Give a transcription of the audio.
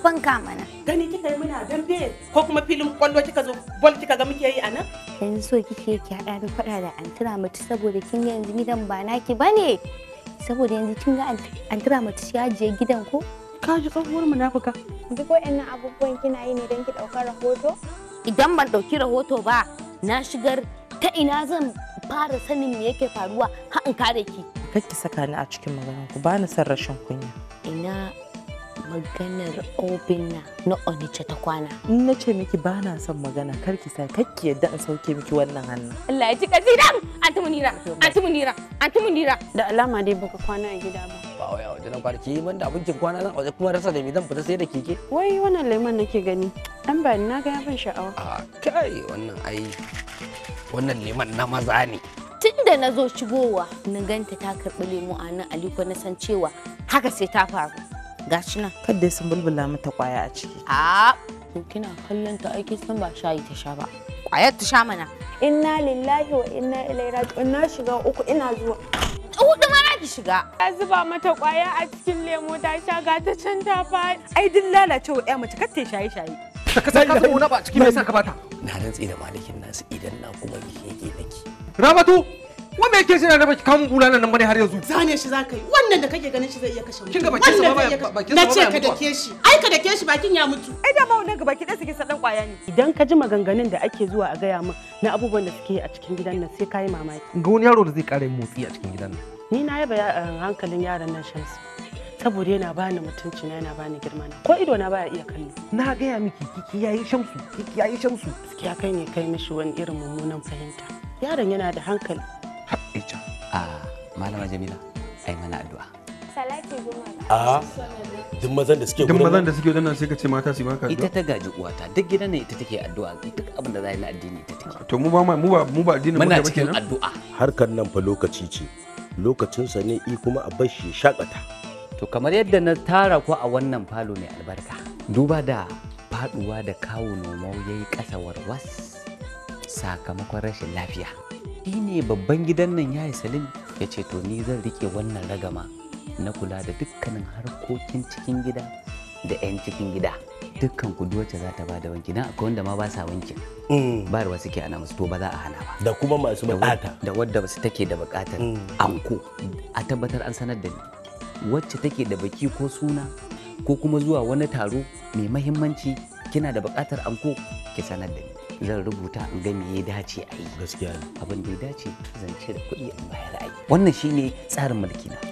banka mana gani kika yi muna dambe ko kuma filin kwallo kika zo bol kika ga muke yi a nan yanzu so kike ki hada ni fada da antira mutu saboda kin ga yanzu gidan ba naki bane saboda yanzu kin ga antira mutu shi ajiye gidan ko ka ji tsohuwar munafuka duk waɗannan abubuwan kina yi ne don ki ɗaukar rahoto idan ban ɗauki rahoto ba na shigar ta ina zan fara sanin me yake faruwa ha in kare ki Kake saka ni a cikin magana ku ba ni son rashin kunya ina maganar obinna na onice ta kwana in na ce miki ba na son magana kar ki sa kakki yadda in sauke miki wannan hannu Allah ya ji kaji dan antu munira antu munira antu munira da alama dai baka kwana a gida ba ba wai a wajen kwarki ban da abincin kwana zan waje kuma rasa da me zan fita sai da keke wai wannan lemon nake gani an ba na ga ban sha'awa a kai wannan ai wannan lemon na maza ne tun da na zo shigowa na ganta ta karɓi lemo a nan aliko na san cewa haka sai ta faru Gashina nan kadda sun bulbula mata kwaya a ciki a kina kallon ta aiki san ba shayi ta sha ba kwayar ta sha mana inna lillahi wa inna ilaihi raji'un na shiga uku ina zuwa hudu ma na ki shiga ta zuba mata kwaya a cikin lemo ta sha ga ta can ta faɗi ai duk wa ya mace kar ta shaye shaye ta kasa ka zo na ba cikin me yasa ka bata na rantsi da malikin nasu idan na kuma ke nake ramatu wa me yake jira na baki kamun bulana nan bane har yanzu zane shi zaka yi wannan da kake ganin shi zai iya kashe mutum wannan ba iya kashe na ce ka dake shi ai ka dake shi bakin ya mutu ai da ma wannan gaba ki dasa ki sadan kwaya ne idan ka ji maganganun da ake zuwa a gaya min na abubuwan da suke a cikin gidan nan sai kai mamaki ga wani yaro da zai kare motsi a cikin gidan nan ni na yaba eh, hankalin yaran nan shamsu saboda yana bani mutunci na yana bani girma na ko ido na baya iya kallo na gaya miki kiki yayi shamsu kiki yayi shamsu gaskiya kai ne kai mishi wani irin mummunan fahimta yaron yana da hankali a ah, malama jamila ai mana addu'a salati goma a ah, duk mazan da suke duk mazan da suke nan sai ka ce mata su addu'a. ita ta gaji uwata duk gidan ne ita take addu'a duk abin da za na addini ita take to mu ba mu ba mu ba addinin mu ba cikin addu'a harkar nan fa lokaci ce sa ne i kuma a bar shi shakata to kamar yadda na tara ku a wannan falo ne albarka duba da faduwa da kawo nomau ya yi warwas sakamakon rashin lafiya ne babban gidan nan ya yi salim ya ce to ni zan rike wannan ragama na kula da dukkanin harkokin cikin gida da 'yan cikin gida dukkan ku wacce za ta ba da wanki na akwai wanda ma ba sa wanki mm. ba ruwa suke ana musu to ba za a hana ba da kuma masu bukata da wadda su take da bukatar mm. anko a tabbatar an sanar da ni wacce take da baki ko suna ko kuma zuwa wani taro mai mahimmanci kina da bukatar anko ki sanar da ni zan rubuta in ga ya dace a yi abin da ya dace zan ce da kuɗi in bayar a yi wannan shine tsarin mulki